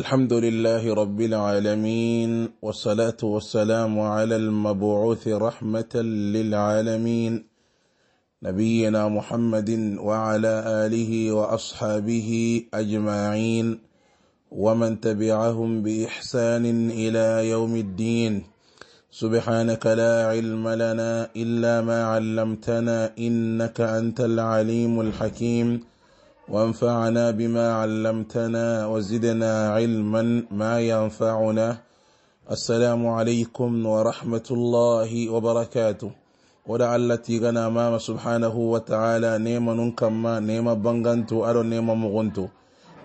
الحمد لله رب العالمين والصلاة والسلام على المبعوث رحمة للعالمين نبينا محمد وعلى آله وأصحابه أجمعين ومن تبعهم بإحسان إلى يوم الدين سبحانك لا علم لنا إلا ما علمتنا إنك أنت العليم الحكيم وانفعنا بما علمتنا وزدنا علما ما ينفعنا السلام عليكم ورحمة الله وبركاته ودعلتي غنا ماما سبحانه وتعالى نيما ننكما نيما بنغنتو أرو نيما مغنتو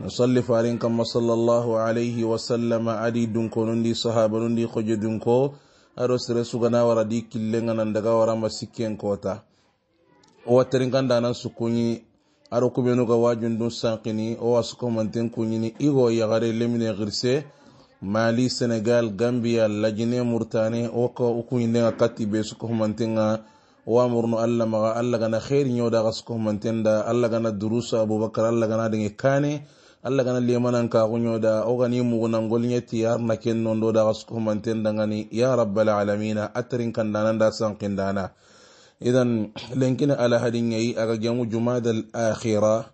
نصلي فارين كما صلى الله عليه وسلم أدي دنكو نندي صحابة نندي خجي دنكو أرو سرسو غنا ورديك اللي كلنا ندغا ورام سكين كوتا واترين كان دانا سكوني aro kubenu ga wajun dun sankini o wasu komantin kunyini igo yagare lemine girse mali senegal gambia lajine murtane oko ka ukunyinde kati be su komantin ga wa murnu allah maga allah gana khairi nyo da ga su da allah gana durusa abubakar allah gana dinge kane allah gana lemanan ka kunyo da o gani mugunan golnyeti yar na kennon do da ga su da ngani ya rabbal alamina atarin kandana da sankin idan lankin alahadin yayi a jamu jumadal akhira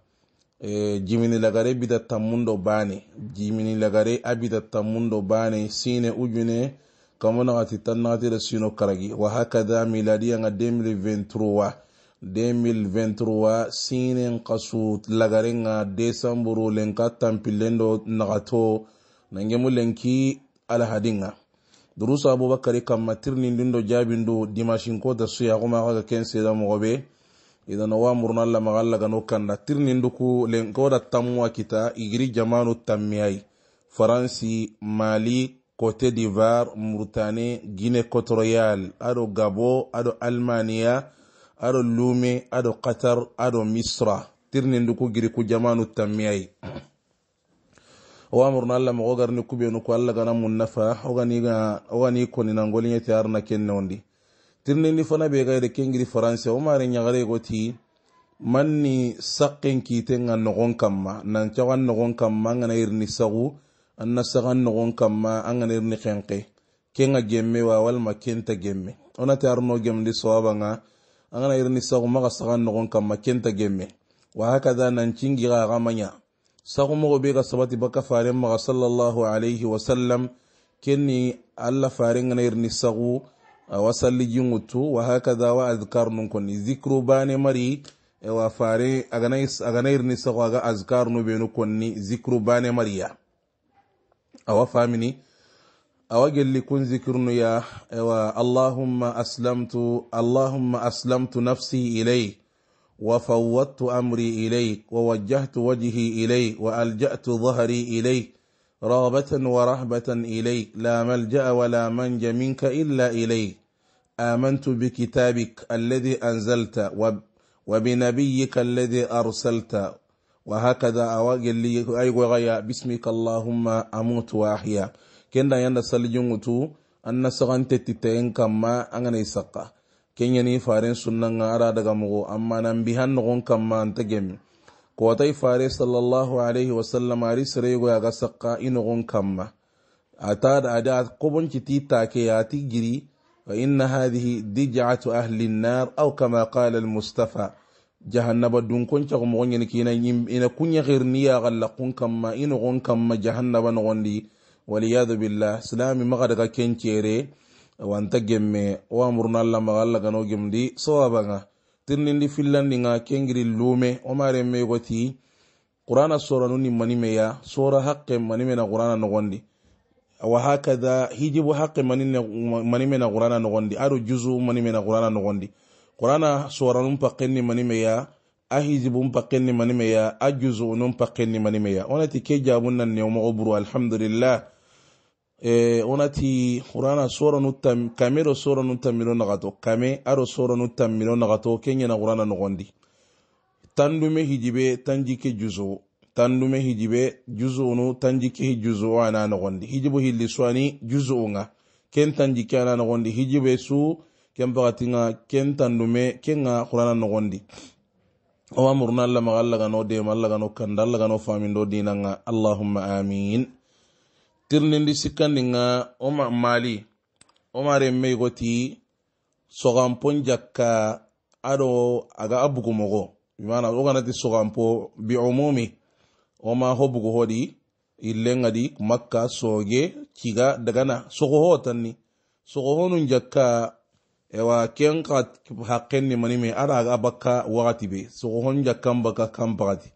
jimini lagare bida tammundo bane jimini lagare abida tammundo bane sine ujune kamana ati da sino karagi wa haka miladiya nga 2023 2023 sine kasu lagare nga desamburu lenka tampilendo nagato nangemu lenki alahadin nga durusa abubakar kamma matirni dindo ɗo ndo ɗo dimashinko da suyaxuma xaga ken seeda moxoɓe idana wa murna allah maxa allah gano kanda tirnin duku da tammuwa kita igiri jamanu tamiyai faransi mali cote d'ivoire murtane guine cotroyal ado gabo ado almania ado lume ado qatar ado misra tirnin duku giri ku jamanu tamiyai. owamurna allah mogo garni kubenu ko allah gana mun nafa ogani koni nangoliñeti arna kennewondi tirnindi fana be gayde kengidi france o mari ñagare goti manni sakken kiiten ga nogon kamma nancago an nogon kamma an gana sagu an na nogon kamma an gana irini kenke gemme wa walma kenta gemme onati arno gemdi sowaba ga an gana sagu maga saga an nogon kamma kenta gemme wa hakada nancingi ga saku mogo be ga sabati baka faren maga sallallahu alaihi wasallam kenni allah faren gana irni saku awa salli jinŋuttu wa hakada wa adkar nun koni zikru bane mari ewa fare agana irni saku aga azkar nu benu konni zikru bane mariya awa famini awa gelli kun zikirnuya ewa allahumma aslamtu allahumma aslamtu nafsi ilayk وفوضت امري اليك ووجهت وجهي اليك والجات ظهري اليك رابه ورهبه اليك لا ملجا ولا منج منك الا اليك امنت بكتابك الذي انزلت وبنبيك الذي ارسلت وهكذا اواجل لي اي وغيا باسمك اللهم اموت واحيا كنا ينسى جنوتو ان سغنت تتين كما انا يسقى kenyani faren sunnanga ara daga mugo amma nan bi han nogon kamma anta gemi kotai fare sallallahu alaihi wasallam ari sirego yaga sakka inogon kamma ata da ada kobonci ti take ya ti giri wa inna hadhihi dij'atu ahli an-nar aw kama qala al-mustafa jahannaba dun konca ko mo nyani kina ina kunya khirni ya galla kun kamma inogon kamma jahannaba nogondi waliyadu billah salami maga kenchere awanta gemme o amuruna allah maga allah gano gemdi sawabaga tirnindi fillandinga kengiri lume omare meygo ti qur'ana soranu ni manimeya sora haqqe manimena qur'ana nogondi wa hakada hijibu haqqe manimena qur'ana nogondi aro juzu manimena qur'ana nogondi qur'ana soranun paqqenni manimeya a hijibun paqqenni manimeya a juzu'unun paqqenni manimeya onati ke jabun nan newmogo buru alhamdulillah Eh, wonati qurana soranu kame ro soranu tamiro nagato kame aro soranu tamiro nagato kenyena qurana nogondi tandume hijibe tanjike juzo tandume hijibe juzo no tanjike juzo ana nogondi hijibo hilli swani juzo nga ken tanjike ana nogondi hijibe su ken bagati nga ken tandume ken nga qurana nogondi owa murna allah magallaga no dem allah gano kandallaga no famindo dinanga allahumma amin tirnindi nga oma mali re mei goti soganpon njaka ado aga a bugumogo bimana oganati soganpo bi umumi oma ho bugu hodi di makka soge ciga dagana ni tanni sogohonun jakka ewa ken ka hakken ni manime ada aga bakka wakati be sogohon jakkan baka kan pakati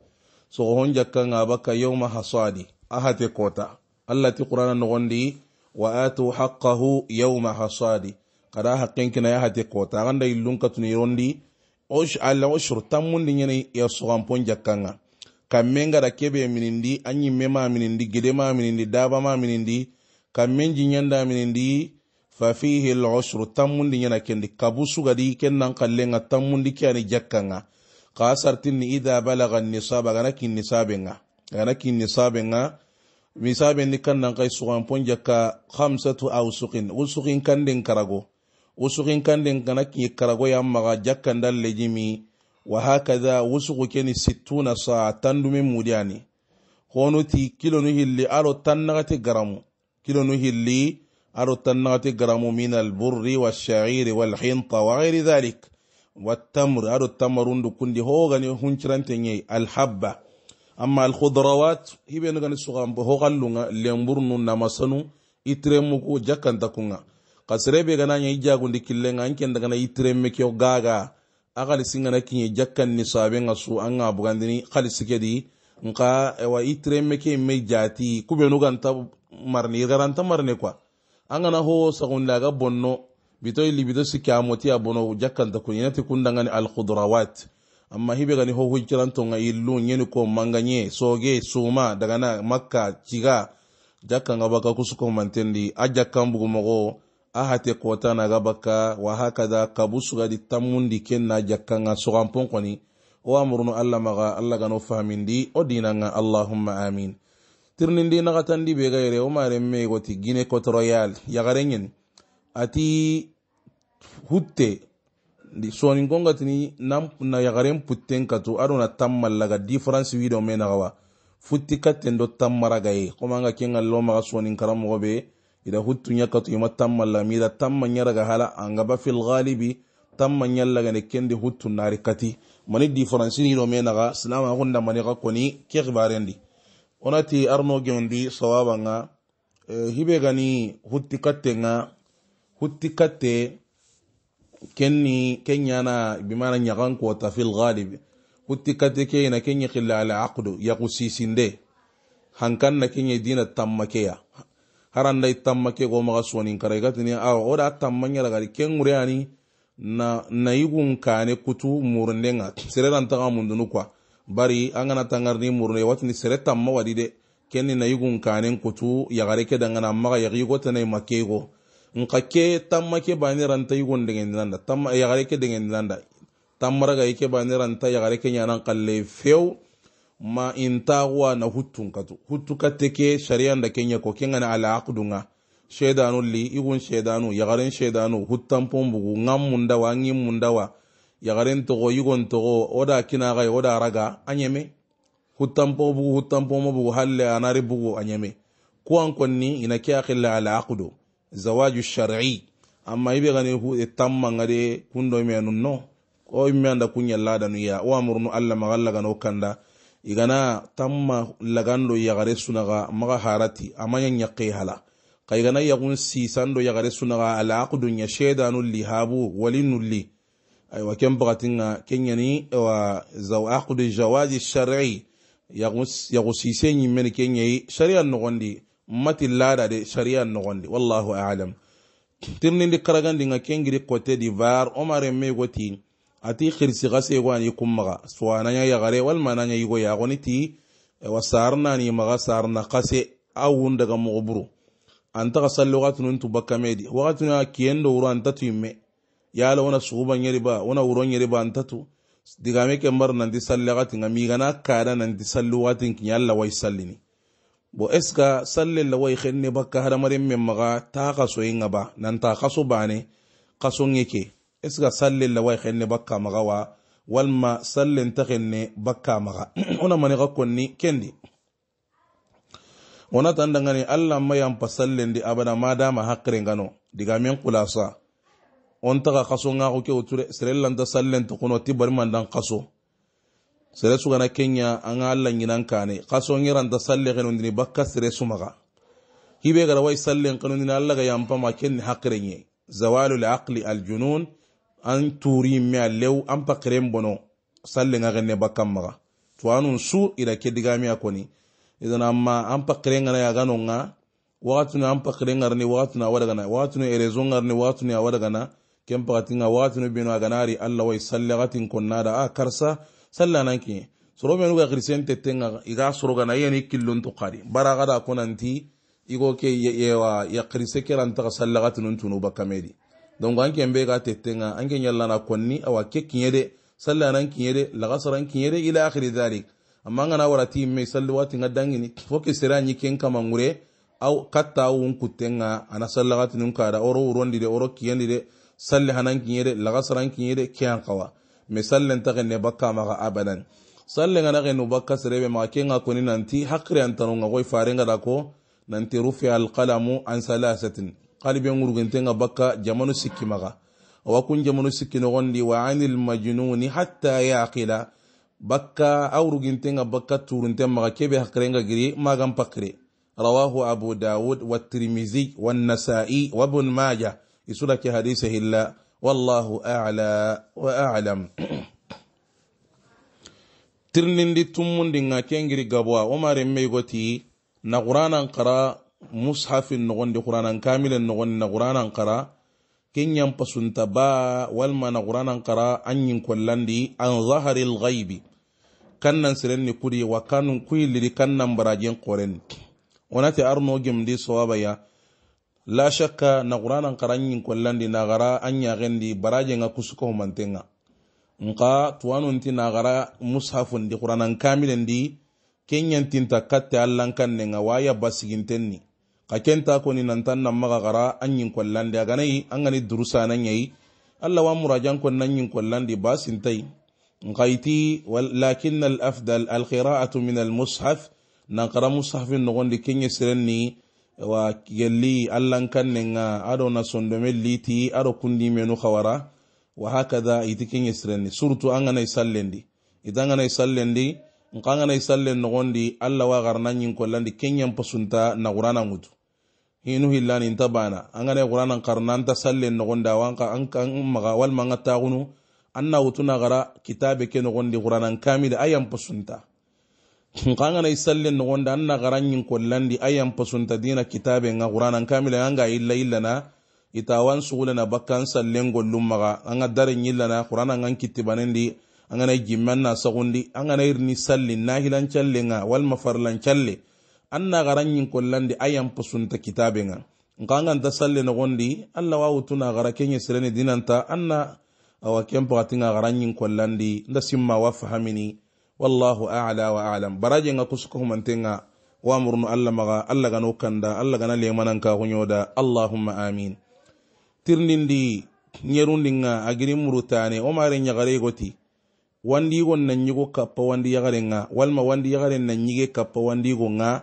hon jakkan ga bakka yoma hasadi ahate kota allah ti qur'ana nogondi wa atu haqqahu yawma hasadi kada haqqin kina ya hati kota ganda ka tuni rondi osh alla mun din nyene ya sogan pon jakkanga kammen da kebe minindi anyi mema minindi ma minindi daba ma minindi kammen jinyanda minindi fa fihi al-ushru din yana kendi kabusu gadi kennan kallenga tammundi kyani jakkanga kasartinni idha balaga an-nisaba ganakin nisabenga ganakin kin nisabenga misabe ni kan nan kai suwan pon ka khamsatu awsuqin usuqin kan din karago usuqin kan din kana ki karago ya maga jakkan dal lejimi wa hakaza usuqu keni sittuna sa'atan tandume mudiani hono ti kilo nu hilli aro tannagati garamu kilo nu hilli aro tannagati garamu min alburri wal hinta wa ghairi dhalik tamr aro tamrundu kundi hogani غني هنشران al habba amma alkhudrawat hiɓenu gani sugambo hoxallunga lemburnu namasanu itiremuku jakkantakunga xa serebe ganaña i jagundi killenga an ken dagana itiremme ke gaga a xalisingana kiñe jakkanni sabenga su an ga bugandini xalisi kedi nka ewa itiremme ke me jati kuɓenu ganta marni irgaranta marne quoi an gana ho sagunde aga bonno bito i libito sikki a moti a bono jakkantakun inati kundangani alkhudrawat amma hibe gani ho hujjaran tonga illu nyeni ko manganye soge suma daga na makka ciga jakkan ga baka kusuko mantendi a jakkan bugumogo a kota na ga wa hakada kabusugadi tammundi ken na jakkan ga soganpon koni o amurunu allah maga allah gano famindi o dinan allahumma amin tirnindi nagatandi be ga yere o maren megoti gine kotoroyal yagaren yen ati hutte soni gongatini nam na yagaren putten katu adona tammallaga difference wido me nagawa futti katten do tammaraga ye koma anga kenga lomaga sonin karamogo be ida huttu ñakkatu ima tammalla mi ida tamma ñaraga hala anga ba fil galibi tamma ñallagane kende huttu nari kati mani difference ni do me naga silama hunda mani ga koni ke gibarendi onati arno gendi sawabanga hibe gani hutti katte nga hutti katte kenni kenyana bimana ko ta fil ghalib kutti kate na kenya khilla ala aqdu yaxu sisinde hankan na kenya dina tammakeya haran dai tammake go maxa sonin kara igatini awa o da daga ken ŋureyani na yugun kane kutu nga sere rantaxa mundunu kwa bari an gana ni murune watini sere tamma wadi de kenni yugun kane kutu ya gareke dangana ya yugo gotenai makego nka ke tamma ke bani ranta yugon dengan dinanda tamma gare ke da tamma tammara ga ke bani ranta gare ke nyanan kalle few ma intaxuwa na ka huttukate ke ke kenya ko ke ngana ala aqdunga shedanu li igun shedanu yagaren shedanu huttanpon bugu ngan mundawa ngin mundawa yagaren togo igon togo oda kinaxay oda raga a ɲeme huttanpo bugu huttanpomo bugu halle anari bugu anyeme ko an konni ina ke axilla ala aqdu zawaju shar'i amma ibe gane hu tamma ngade kundo me nunno ko imme anda kunya lada nu ya wa murnu alla magalla gano kanda igana tamma lagando ya gare sunaga maga harati amanya nyaqi hala kai gana ya kun si sando ya gare sunaga al aqdun ya shaydanu lihabu walinu li aywa kem bagatinga kenyani wa zaw aqdu jawaji shar'i ya kun ya kun si sen yimme kenyayi shari'an no gondi mati lada de sharia nogondi wallahu alam tirnindi karagandinga kengiri cote divoire omar me goti ati xirsi xa swana nya yagare wal walma naya yigo yaxoni ti e wasarna ni maga sarna qase a wun daga moxo anta antaxa nuntu bakamedi tu bakkamedi waxatuna kiyen do wuro antatu imme yala wona suxubanɲeri ba wona wuronɲeri ba tu digame ke mbar nanti salle xatinga migana kada nanti sallu waxatin kiɲa alla wai sallini bo eska sallel la wayxenne bakka hadamaren min maga ta kaso inga ba kaso ba ne kaso ngike eska sallel la wayxenne bakka maga wa walma ta taxenne bakka maxa wonamani xa konni kendi wonatan ni allah ma yanpa sallendi abada madama ngano diga min kulasa on ture xasongaxu ke sallin ta kuno tibar ti dan kaso. sere gana kenya an ga allah ɲinan kane kason da salle kenundini bakka sere maga hibe gara wai sallen kenundini allah ga yanpama kenni hakiren ye zawalu al aljunun an turi mi a lew an pakiren bono sallen ga ne bakka maga to anun su ida ke digami a koni idan amma an pakiren gana ya gano nga wagatuni an pakiren ni wagatuni a wadagana wagatuni erezon garni wagatuni a wadagana ken pagatin ga wagatuni beno a ganari allah wai salle gatin konnada a karsa salla nan ke soro men ga kristiyan tetenga iga soro ga na yani killon to qari bara ga da konanti igo ke wa ya krise kiran ta salla ga tunun tunu ba kamedi don ga anke mbe ga tetenga anke yalla na konni awa ke kinyede salla nan kinyede laga saran kinyede ila akhir dhalik amma ngana warati me salli wati ngadangini foke nyi ken kama ngure aw katta wun kuttenga ana salla ga tunun kada oro urondi de oro kiyendi de salli hanan kinyede lagasaran saran kinyede kiyan kawa mi sallen taxenne bakka maxa abadan sallenga naxenu bakka serebe maxa kenga koni nanti haqire antanonga koy farenga da ko nanti rufi alqalamu an salasatin qalibe ngurugentenga bakka jamanu sikki maxa awa kun jamanu sikki noxondi wa ani lmajnuni hatta yaqila bakka awrugintenga bakka turunten maxa kebe haqirenga giri magan pakire رواه أبو داود والترمذي والنسائي وابن ماجه يسولك حديثه الله wallahu ala wa alam tirnindi tummundi ŋa kengiri gabwa wo marin meigoti na qur'anan qara mushafin nogondi qur'anan kamilen nogondi na qur'anan qara ken yan pasunta ba walma na qur'anan qara an yin kollandi an zahari lghaibi kan nan sirenni kudi wa kanun kuyiliri kan nan barajen korenni wonati arno gemdi sowabaya la shakka na qur'anan qaranyin kollandi na gara anya gendi baraje nga kusuko mantenga nka tuwanunti na gara mushafun di qur'anan kamilen di kenyan tinta katte allan kanne nga waya basigintenni ka kenta koni nantan nan maga gara anyin kollandi aganai angani durusa nan yayi allah wa murajan kon nan yin kollandi basintai nkaiti lakin al afdal al qira'atu min al mushaf na qara mushafin nogondi kenya sirenni wa gelli allan a ado na sondome liti kundi kundimenu hawara wa hakada iti ken yesirenni surutu an ganai sallendi ita an ganai sallendi nka an ganai sallen nogondi allah wa garana ñinkollandi kenyan pasunta na qurana ŋutu hinu hillani ta bana an ganai qurana karna nta sallen nogondi awa an maga walima an ta kunu an na wutuna gara kitabe ke gondi quranan kamida a yan pasunta na isalle no an anna garanyin kollandi ayan pasunta dina kitabe nga qur'anan kamila anga illa illa na itawan sugule na bakkan sallen gollum maga anga darin illa na qur'anan an kitibanendi anga na jimman na sagundi anga na irni salli na hilan challe nga wal mafarlan challe an na garanyin kollandi ayan pasunta kitabe nga kanga ta salle nogondi alla wa utuna gara yisrene dinanta anna awa kempa garanyin kollandi nda simma wa fahamini wallahu a'la wa a'lam baraje nga kusuko humantenga wa murnu alla maga alla gano kanda alla gana le manan ka hunyoda allahumma amin tirnindi nyerundinga agiri murutane o mare nyagare goti wandi na nan nyigo kappa wandi yagare nga walma wandi yagare nan nyige kappa wandi go nga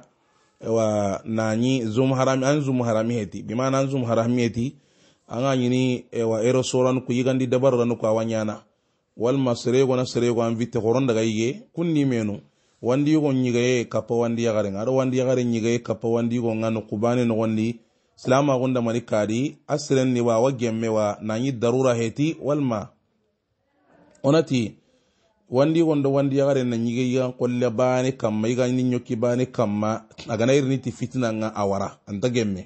wa nani zum harami an zum harami heti bimana an zum harami heti anga nyini wa ero soran ku yigandi dabar ranu ku awanyana walma seregona seregoan vitte horondaga kunni menu wandigo ñigaye kappa wandi yagaren aɗo wandi yagare ñigaye kappa wandigo ga no kubane nogondi silama gonda mani kaadi a sirenni wa wa wa nañi darura heti walma onati wandigo ndo wandi yagare na ñige kolle bane kamma yigani ñokki bane kamma agana iriniti fitinanga awara anta gemme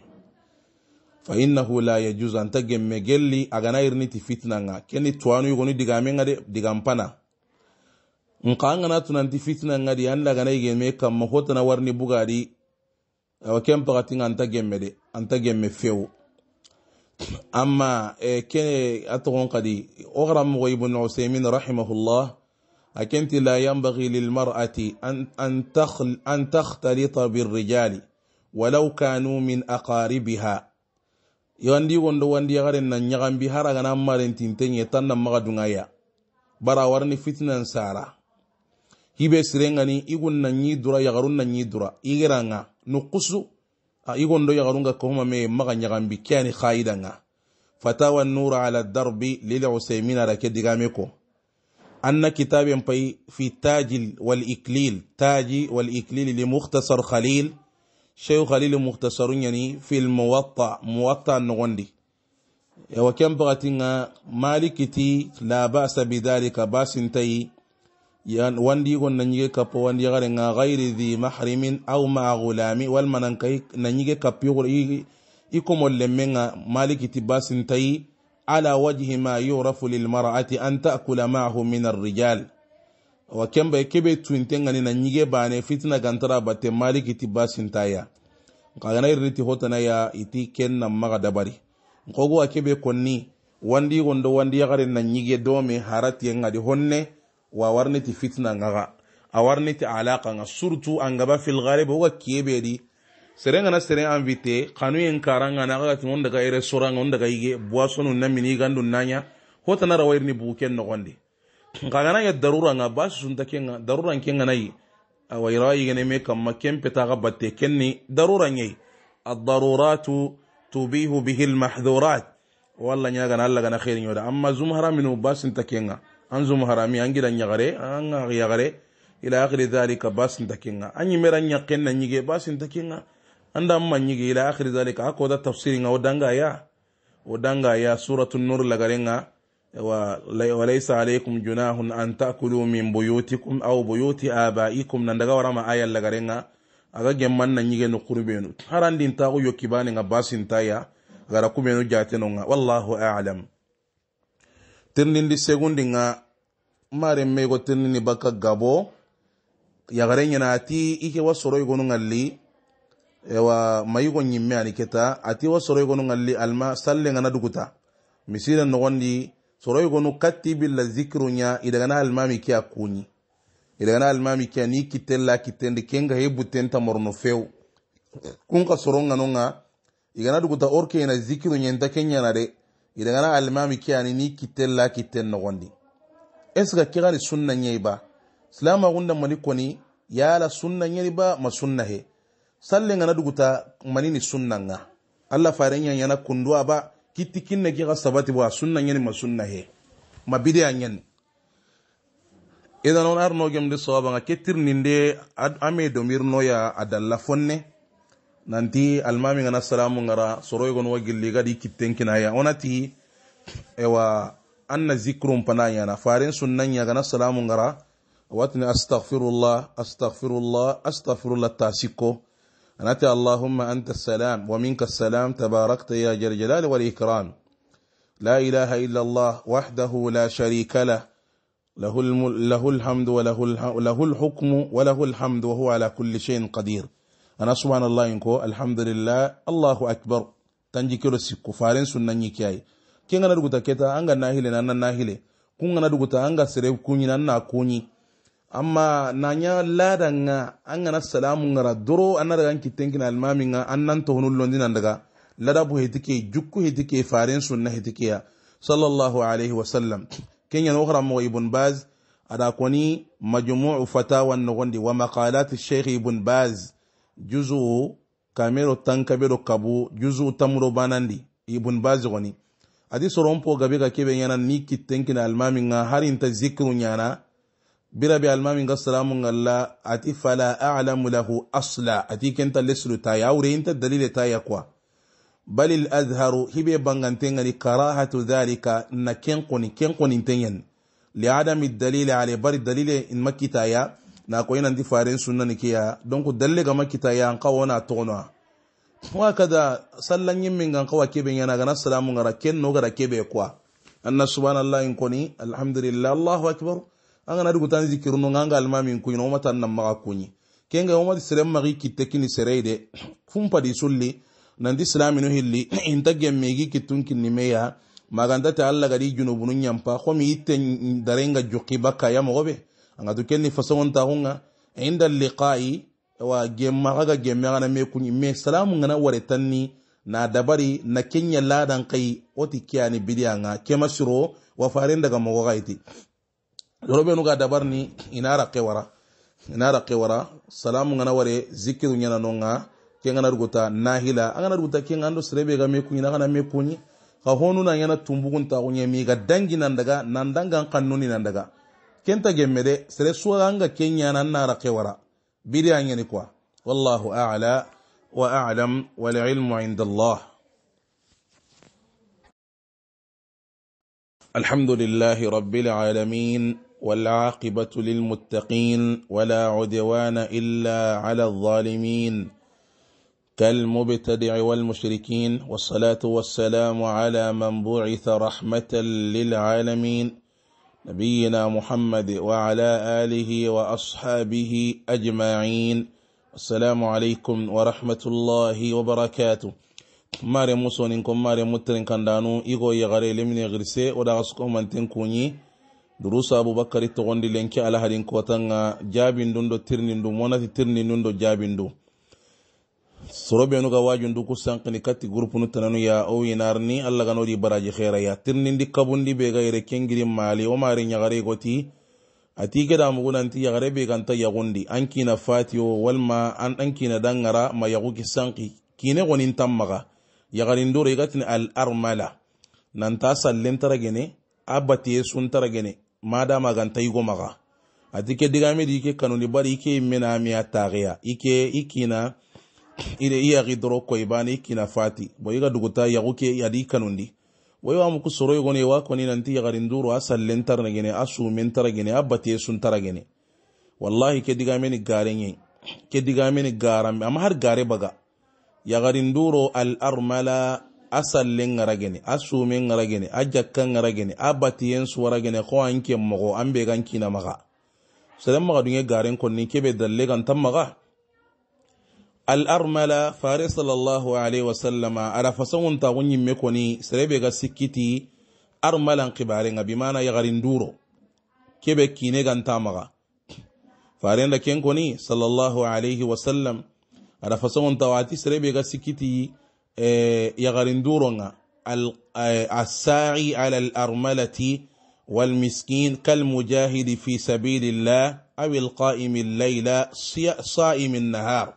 fa innahu la yajuz anta gemme gelli agana irniti fitnanga keni twanu yugoni digamenga de digampana nka an gana tunanti fitnanga di an lagana igeme kamma hotana warni bugadi awa ken pagatinga anta gemme de anta gemme fewu amma e kene a togon kadi wo garamogo ibnu usaimin rahimahullah a kenti la yanbagi lilmar'ati an takhtalita birrijali walau kanu min aqaribiha yo wondo wandi yagaren na ñagambi hara gana marentinte ɲe tan na maga dungaya bara warani fitna sara hibe ni igun na ñi dura yagarun na ñi dura igeranga nukusu a igondo yagarunga kohuma me maga ñagambi khaida nga. fatawa nur ala darbi lil usaymin ara ke digame ko anna kitaben pay fi tajil wal iklil taji wal iklil li mukhtasar khalil sheikhu khalilu mukhtasaru ñani fil muwatta muwatta nogondi ewa ken pagatinga malikiti la basa bidalika basintayi wandi gon nañige kappo wandi yagarenga gayri dhi mahrimin aw maa gulami walma nankai nañige kappo i komol lemmenga malikiti basintayi ala wajhi ma yurafu lilmar'ati an ta'kula maahu min arrijal wa kembe kebe tuintengani na nyige bane fitina gantara bate maliki ti basintaya nkagana iriti hotana ya iti ken na maga dabari nkogo wa kebe konni wandi gondo wandi yagare na nyige dome harati ngadi honne wa warne ti fitina ngaga a ti alaka nga surtu angaba fil gharib wa kebe di serenga na seren invité kanu yen karanga na ga tin onda ere soranga onda ga ige boisson na mini gandu nanya hotana rawirni buken no ngana ya darura nga basu sunta nga darura kenga nayi awa irayi gane me kam kamma kempe taga batte kenni darura nyai ad-daruratu tubihu bihi al-mahdhurat walla nya gana alla gana khairin yoda amma zum haraminu basun ke nga an zum harami an gidan nya gare an ga gare ila akhir zalika dhalika basun ke nga an yimera nya kenna nyige basun ta kenga anda amma nyige ila akhiri dhalika akoda tafsirin ga odanga ya odanga ya suratul nur lagarenga walaysa alaykum junahun an takulu min buyutikum aw buyuti abaikum nan daga a yalla gare warama ayal lagarenga aga gemman na ñige no kurbenu harandin taxu yokki bane nga basintaya gara kumenu jatenonga wallahu alam tirnindi segundinga maren mego tirnini baka gabo yagare ñana ati ike wa soro igonu ngalli ewa a ñimme ani keta ati wa soro igonu ngalli alma salle nga na duguta misira di. soroy gonu katti billa zikru nya idagana almami ke akuni idagana almami ke ni kitella kitende kenga hebuten tamorno few kun ka soronga nonga igana duguta orke na zikru nya nda kenya na de idagana almami ke ani ni kitella kiten no gondi esga kigani sunna nyeba islama gunda malikoni yala sunna nyeba masunna he salle ngana duguta manini sunna nga alla farenya yana kundwa ba kiti kinne ki sabati wa sunna nyani ma sunna he ma bidiya nyani idan on arno gem de soba nga ketir ninde ame do mir no ya adalla fonne nanti almami ngana salamu ngara soroy gon wagilli gadi kitten kinaya onati ewa anna zikrum panaya na farin sunnan ya gana salamu ngara watni astaghfirullah astaghfirullah astaghfirullah tasiko نتى اللهم أنت السلام ومنك السلام تباركت يا جل جلال والإكرام لا إله إلا الله وحده لا شريك له له, الم... له الحمد وله الح... له الحكم وله الحمد وهو على كل شيء قدير أنا سبحان الله إنكو الحمد لله الله أكبر تنجيكي السكو فارن سنن كي كي أنا رغتا كتا أنغا ناهلي نانا ناهلي كون أنا رغتا أنغا سريب كوني نانا كوني amma na nya lada nga an gana salamu ngara doro an daga an kitten almami nga an nan ta hunun londina daga lada bu hitike jukku hitike farin sunna ya sallallahu alaihi wa sallam kenya no khara mo ibn baz ada koni majmu'u fatawa nogondi wa maqalat shaykh ibn baz juzu kamero tankabero kabu juzu tamro banandi ibn baz goni adi soron po gabe ga kebe yana ni kitten kina almami nga harin ta zikru nyana birabe almamin ga salamun Allah ati fala a'lamu lahu asla ati kenta leslu ta ya wure inta dalile ta ya kwa bal al azharu hibe bangantenga ni karahatu dhalika na kenkoni kenkoni tenyen li adami dalile ale bari dalile in makita ya na ko yana difaren sunna ni kiya don ku dalle ga makita ya an kawo na tona wa kada sallan yin min gan kawa kebe yana ga salamun ga raken no ga rakebe kwa anna subhanallahi in koni alhamdulillah allahu akbar an kana dugu tan zikiru no an ka alima min kuɲi no ma tan maga kunyi kenga woma ti sere magi kitte kini sere de fumpa di sulli islami no hilli inta gemmegi meya maganda ta alla gadi junubunu ñampa komi itte darenga baka jukki bakkaya mogoɓe angatu kenni fasogontaxunga inda liqa'i wa gemma ga gemma na me kunyi me salamu ngana ware tanni na dabari na kenya ladan kai oti kiyani bidiyanga kema wa faren daga mogo xayti yorobenu nuga dabar ni ina raqe wara ina raqe wara salamu ngana ware zikiru nyana nonga ke ngana ruguta nahila angana ruguta ke ngando srebe ga meku ina kana mekunyi ka honu na nyana tumbugun ta kunye mi ga dangi nan daga nan dangan kannuni nan daga kenta gemmede sere suwa anga kenya nyana na raqe wara bidi anyani kwa wallahu a'la wa a'lam wal ilmu inda Allah الحمد لله رب العالمين والعاقبة للمتقين ولا عدوان إلا على الظالمين كالمبتدع والمشركين والصلاة والسلام على من بعث رحمة للعالمين نبينا محمد وعلى آله وأصحابه أجمعين السلام عليكم ورحمة الله وبركاته ماري موسو نكم ماري مترن كندانو إيغو يغري لمن يغرسي ودا أسكو من تنكوني durusa abubakari togondi lenki alahadin kotanga jabindun do tirnindu monati tirninun do jabindu sorobenu ga wajundu ni kati gurupu gurupunu tananu ya o ala allah di baraji hera ya tirnindi kabundi be ga yere kengiri mali o mari yagare goti ati mugu nanti yagare be ganta yagundi an kina fatiyo walma an dan kina dangara ma yagu ki sanki kine gonin tammaga yagarin doro igatini al armala nanta sallentara gene abatiye suntara gene madama ganta yigo maga diga digamedi ike kanuni bari ike imena miya tariya ike ikina ire iyagi doro ba bana ikina fati bo iga duguta yagu ke adi kanundi wayo wa muku soro gone wa koni nanti yagarin duru asallen tarna gene asumen tara a bate sun tara gine wallahi ke gare garenye ke digameni garam amma har gare baga garin duro al armala asallin sallen ŋara gene a sumen ŋara gene a jakkan ŋara a batiyen suwara gene ko an ke mogo an be gan kina maga selen maga garin garen konni kebe dalle gan tan maga armala fare sallallahu alaihi wasallama ada ta, tagun yimme koni sere be ga sikiti armalan abi mana ya garin duro kebe kine gan ta maga farin da ken koni sallallahu alaihi wasallam ada fasangun ta, wati be ga sikiti. إيه، يغرندورنا إيه، الساعي على الأرملة والمسكين كالمجاهد في سبيل الله أو القائم الليل صائم النهار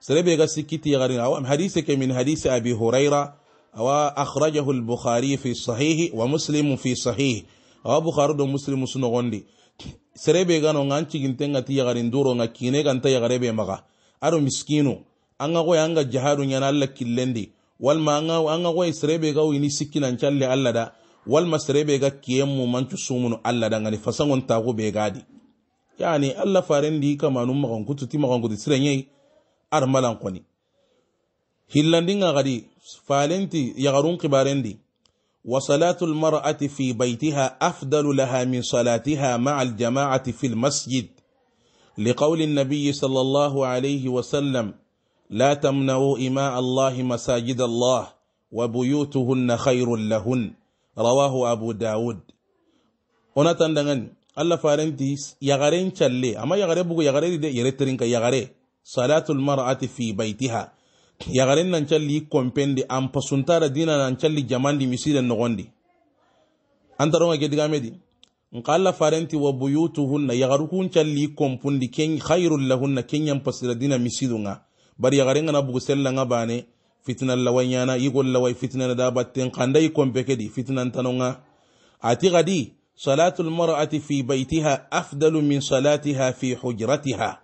سلبي غسكتي غرين أو حديثك من حديث أبي هريرة وأخرجه البخاري في صحيح ومسلم في صحيح أو بخاري ومسلم سنغندي سلبي غانو غانتي غنتي غرين دورو غكيني غانتا يغربي مغا أرو مسكينو an ga koyi an ga jihadu yana Allah killendi walma an ga koyi sirebe ga wini sikkinan challe Allah da walma sirebe ga kiyen mu mancu sumunu Allah da ngani fasangon go be gadi yani Allah farendi kamanu magon kututi magon kututi sirenye malan koni hillandin ga gadi falenti yagarun kibarendi وصلاة المرأة في بيتها أفضل لها من صلاتها مع الجماعة في المسجد لقول النبي صلى الله عليه وسلم لا تمنعوا إماء الله مساجد الله وبيوتهن خير لهن رواه أبو داود ona tandangan alla farenti yagaren challe amma yagare bugu yagare de yeretrin ka yagare salatul mar'ati fi baitiha yagaren nan challi kompendi am pasuntara dina nan challi jamandi misira nogondi antaronga gedigamedi nka alla farenti wa buyutuhunna yagaru kun challi kompundi ken khairul lahunna kenyan pasira dina misidunga bari yagare na bugu sella nga bane fitina lawanyana yigol lawai fitina na dabatten kanda yi kompekedi fitina ntanonga ati gadi salatu marati fi baytiha afdalu min salatiha fi hujratiha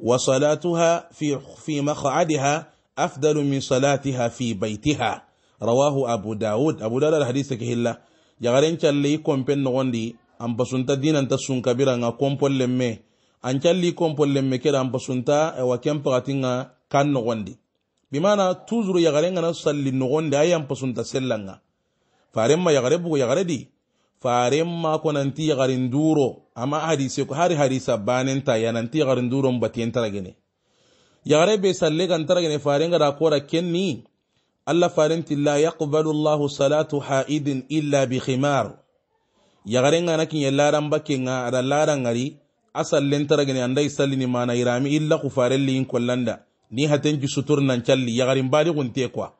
wa salatuha fi fi maq'adiha afdalu min salatiha fi baytiha rawahu abu daud abu daud alhadith kehilla yagaren challe yi kompen nogondi an basunta dinanta sun kabira nga kompol lemme an challi kompol lemme kera an basunta wa kempagatinga kan nogondi bimana toujours yagare ngana salli nogondi ayan pasunta sellanga farenma yagare bugo yagare di farenma konanti yagarin duro ama hadise ko hari hadisa banenta yananti yagarin duro mbatiyentaragene yagare be salle gantaragene farengada kora kenni allah farenti la yaqbalu llahu salatu haidin illa bihimar yagarengana kinye laran bakenga ada laran ngari a sallentaragene anda i sallini mana irami illa ku farelli in kollanda ni haten ki sutur nan calli yagarin bari gunte kwa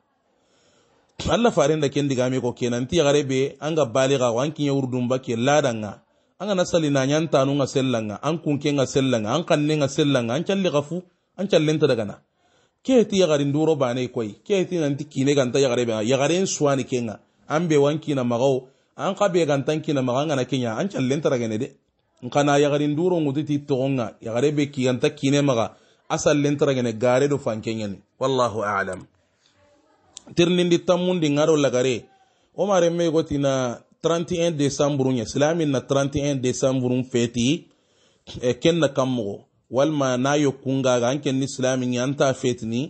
Allah farin da ken diga me ko kenan ti yagare be an ga bali wa an kin yurdun ba ke ladanga an ga nasali na nyan tanu nga sellanga an kun ken nga sellanga an kanne nga sellanga an calli gafu an callenta daga na ke ti yagarin duro bane e koi ke ti nan ti kine ganta yagare be yagaren suwani kenga an be wanki na magaw an kabe gantan kina maganga na kenya an callenta daga ne de in kana yagarin duro nguditi tonga yagare be ki ganta kine maga asallin do gareɗo yani wallahu alam tirlindi tammundi ŋaɗo lagare woma goti na 31 décembre ɲe islamin na 31 décembre feti e, ken na kammogo walma na yokkungaga an kenni silamin ɲe an ta fetini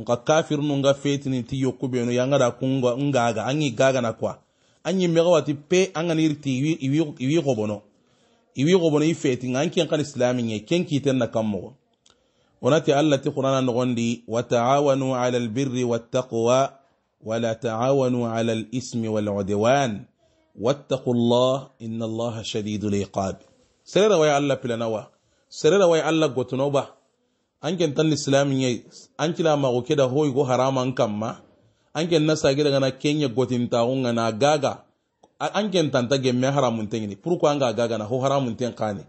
nka kafir nu nga fetni ti yokkubenu yangada kunga ngaga an gaga na kwa an ɲi megawati pe an gani iriti iwi xobono iwi gobono i feti nka an ken kani silamin ɲe ken kiten na kammogo Onati allah ti qur'ana nogondi wa taawanu ala albirri wa wala taawanu ala alismi wal-'udwan wattaqullaha inna allaha shadidul iqab. serera waya allah pilanawa serera waya allah gotunoba anken tan yi an ma go keda hoy go harama n kamma anken nasa gida gana kenya gotin ga na gaga anken ta gemme haramun tengini pourquoi an ga gaga na ho haramun tengani.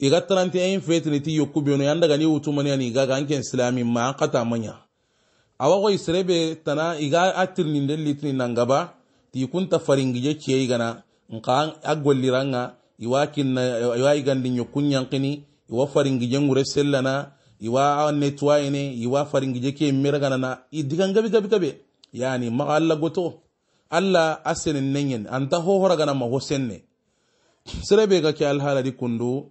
iga taranti ayin fetini ti yokku beno yanda gani mani ani iga ganke islamin ma kata manya awa ko isrebe tana iga atirni den litini nangaba ti kunta faringije ciye igana nka agolliranga iwa kina iwa gandi yokkun yankini iwa faringije ngure sellana iwa netwayene iwa faringije ke na idigan gabi gabi gabe yani ma allah goto allah asenin nenyen anta hohoragana ma hosenne srebe ga ke alhaladi kundu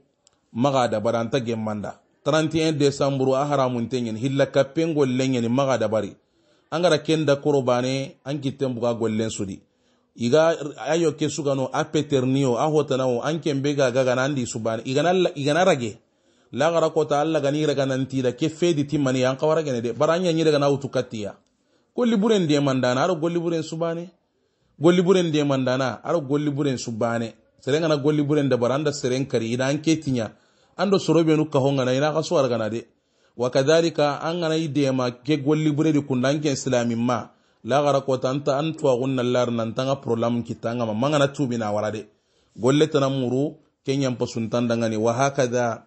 maga dabari anta gemmanda 31 desamburu a haramun ñen hilla kappen golle ñeni maga bari an gara koro bane an kitten buga gollen di. iga ayo ke sugano a peternio a hotanawo an kembe ga su andi subane igana rage lagara kota alla gani raga da ke fedi timmani an gane de bara an yañi daga nawutu kattiya golliburen ndemandana aɗo golliburen subane golliburen ndemandana buren su subane seren gana golli buren da baranda sereng kari ina an ketinya ando sorobe nu ka honga na ina ka suwar gana de wa kadhalika an gana idema ke golli bure di kundan ke islami ma la gara ko tanta an tuwa gunna lar nan tanga problem kitanga ma mangana tubi na warade golle tana muru kenya mpo pasuntan dangani wa hakadha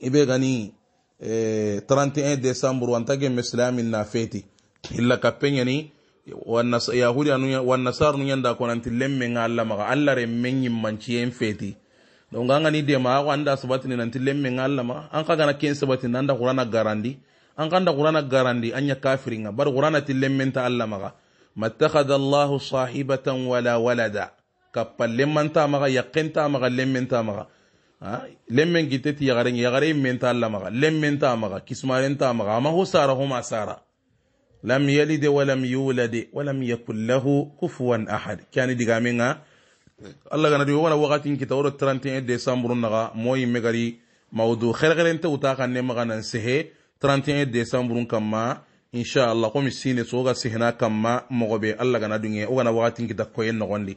ibe gani eh, 31 december wanta ge islami na feti illa ni yahudiya anu wan nasar nu yanda ko nan men ngalla maga alla re menyi manci en feti don ganga ni de ma ko anda sabati nan men ngalla ma an ka gana ken sabati nan da qur'ana garandi an da qur'ana garandi anya kafirin bar qur'ana men ta alla maga mattakhad allah sahibatan wala walada kappa man ta maga yaqin ta maga men ta maga lemmen giteti ya yagare men ta alla len men ta maga kismaren ta maga ma ho sara ho ma sara لم يلد ولم يولد ولم يكن له كفوا أحد كان دقامنا الله غنا ديو وانا وقت إنك تورو 31 ديسمبر نغا موي مغري موضوع خير غير انت وتاقا نمغا ننسيه 31 ديسمبر كما إن شاء الله قوم السينة سوغا سيهنا كما مغبي الله غنا دنيا وانا وقت إنك تكوين نغني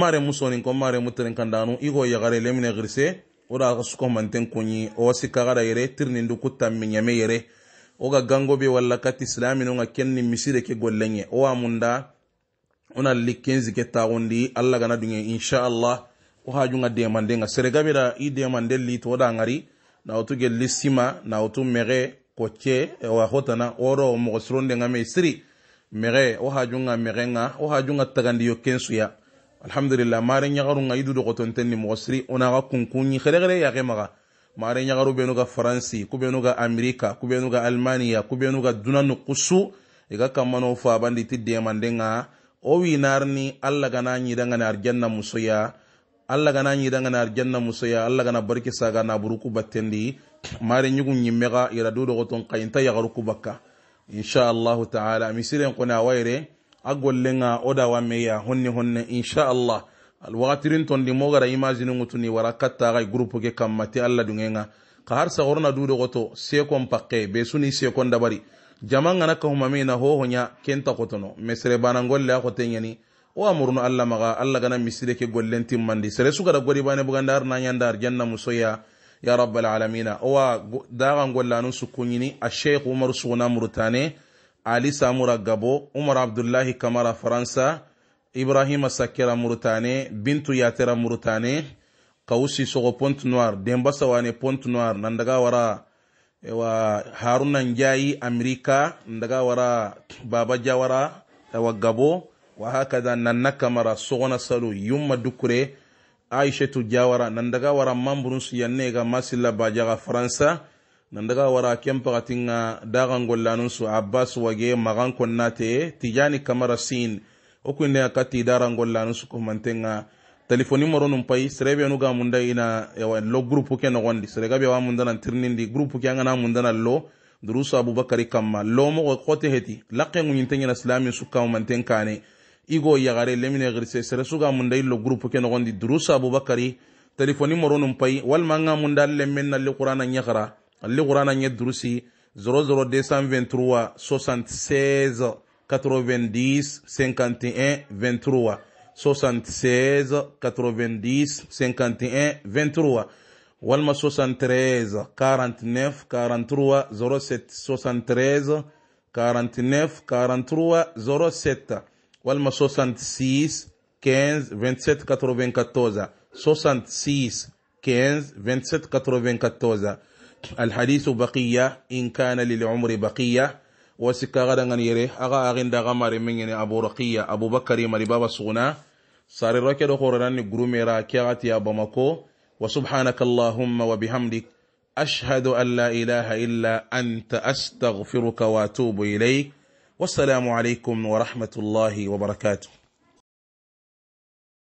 mare musonin ko mare mutren kandanu igo yagare lemine girse oda suko manten kunyi o sikagara yere tirnindu kutta minyame yere wo ga gango be walla kati silamino ga kenni misire ke gollen wo amunda wona li kenzi ke taxundi allah gana dunge inchallah wo hajunga demandenga seregabeda i demande li toda ngari nawtu gelli sima nawtu mexe kocce wa hotana woro moxo sirondenga me siri mexe wo hajunga mexenga wo hajunga tagandiyo kensuya alhamdulillah mare ñaxarunga i dudoxotonten ni moxo siri onaxa kunkuñi xerexere yaxe maxa mare ɲagaru benu ka faransi ku benu ka amerika ku benu ka almaniya ku benu ka duna nukusu i ka kammano fabandi ti demanden ga wo winarni allah gana ɲidangani arjanna musoya allah gana ɲidangani arjanna musoya allah gana barki saga buruku battendi mare ɲugun ɲimmega ira du dogoton kayinta yagaruku bakka inchallahu taala misiren kone awayre a gollen ga wo dawa meya honni honne allah. alwakatirin tondi mogara imagine ŋutuni wara kattaxai groupe ke kamma ti allah dungenga ka har sagorona dudoxoto sekon paxe be suni sekon dabari jaman gana kahumamina hohoya kenta xotono mesere banangolle a xoteɲani wo amurunu allah maxa allah gana misire ke gollen timmandi sere sugada godi bane buganda har nayanda arjanna musoya ya rabbal alamina owa daxan gollanun sukkuɲini a sheikh umaru suguna murutane ali samura gabo umar abdullahi kamara faransa ibrahima sakira murutane bintu yatara murutane kawusi sogo pont noir demba sawane pont noir nandaga wara wa haruna njayi amerika ndaga wara baba jawara wa gabo wa hakada nanna kamara sogona salu yumma dukure aishatu jawara daga wara mamburunsu yannega masilla bajaga faransa daga wara kempaxatinga daxangollaninsu abbas wage magan konnate tijani kamara sin o kunne a kati idara ngolla nu sukumantenga telefoni moro num pay serebe nu ga munda ina lo groupe ke nogondi serega be wa munda nan tirnindi groupe ke angana munda na lo durusu abubakari kamma lo mogo kote heti laqe ŋuñinteñena silami sukkamu manten kane igo yagare lemine xirse sere suga munda illo groupe ke noxondi durusu abubakari telefoni moronum pay walma nga munda lemmen na liqurana ñaxara liqurana ñe durusi 00223 76 90 51 23 76 90 51 23 والما 73 49 43 07 73 49 43 07 والما 66 15 27 94 66 15 27 94 الحديث بقية إن كان للعمر بقية وسكا غدا غنيري اغا اغين دا غماري منين ابو رقيه ابو بكر مري بابا سغنا ساري روكي دو قرومي غروميرا كياتي ابو مكو وسبحانك اللهم وبحمدك اشهد ان لا اله الا انت استغفرك واتوب اليك والسلام عليكم ورحمه الله وبركاته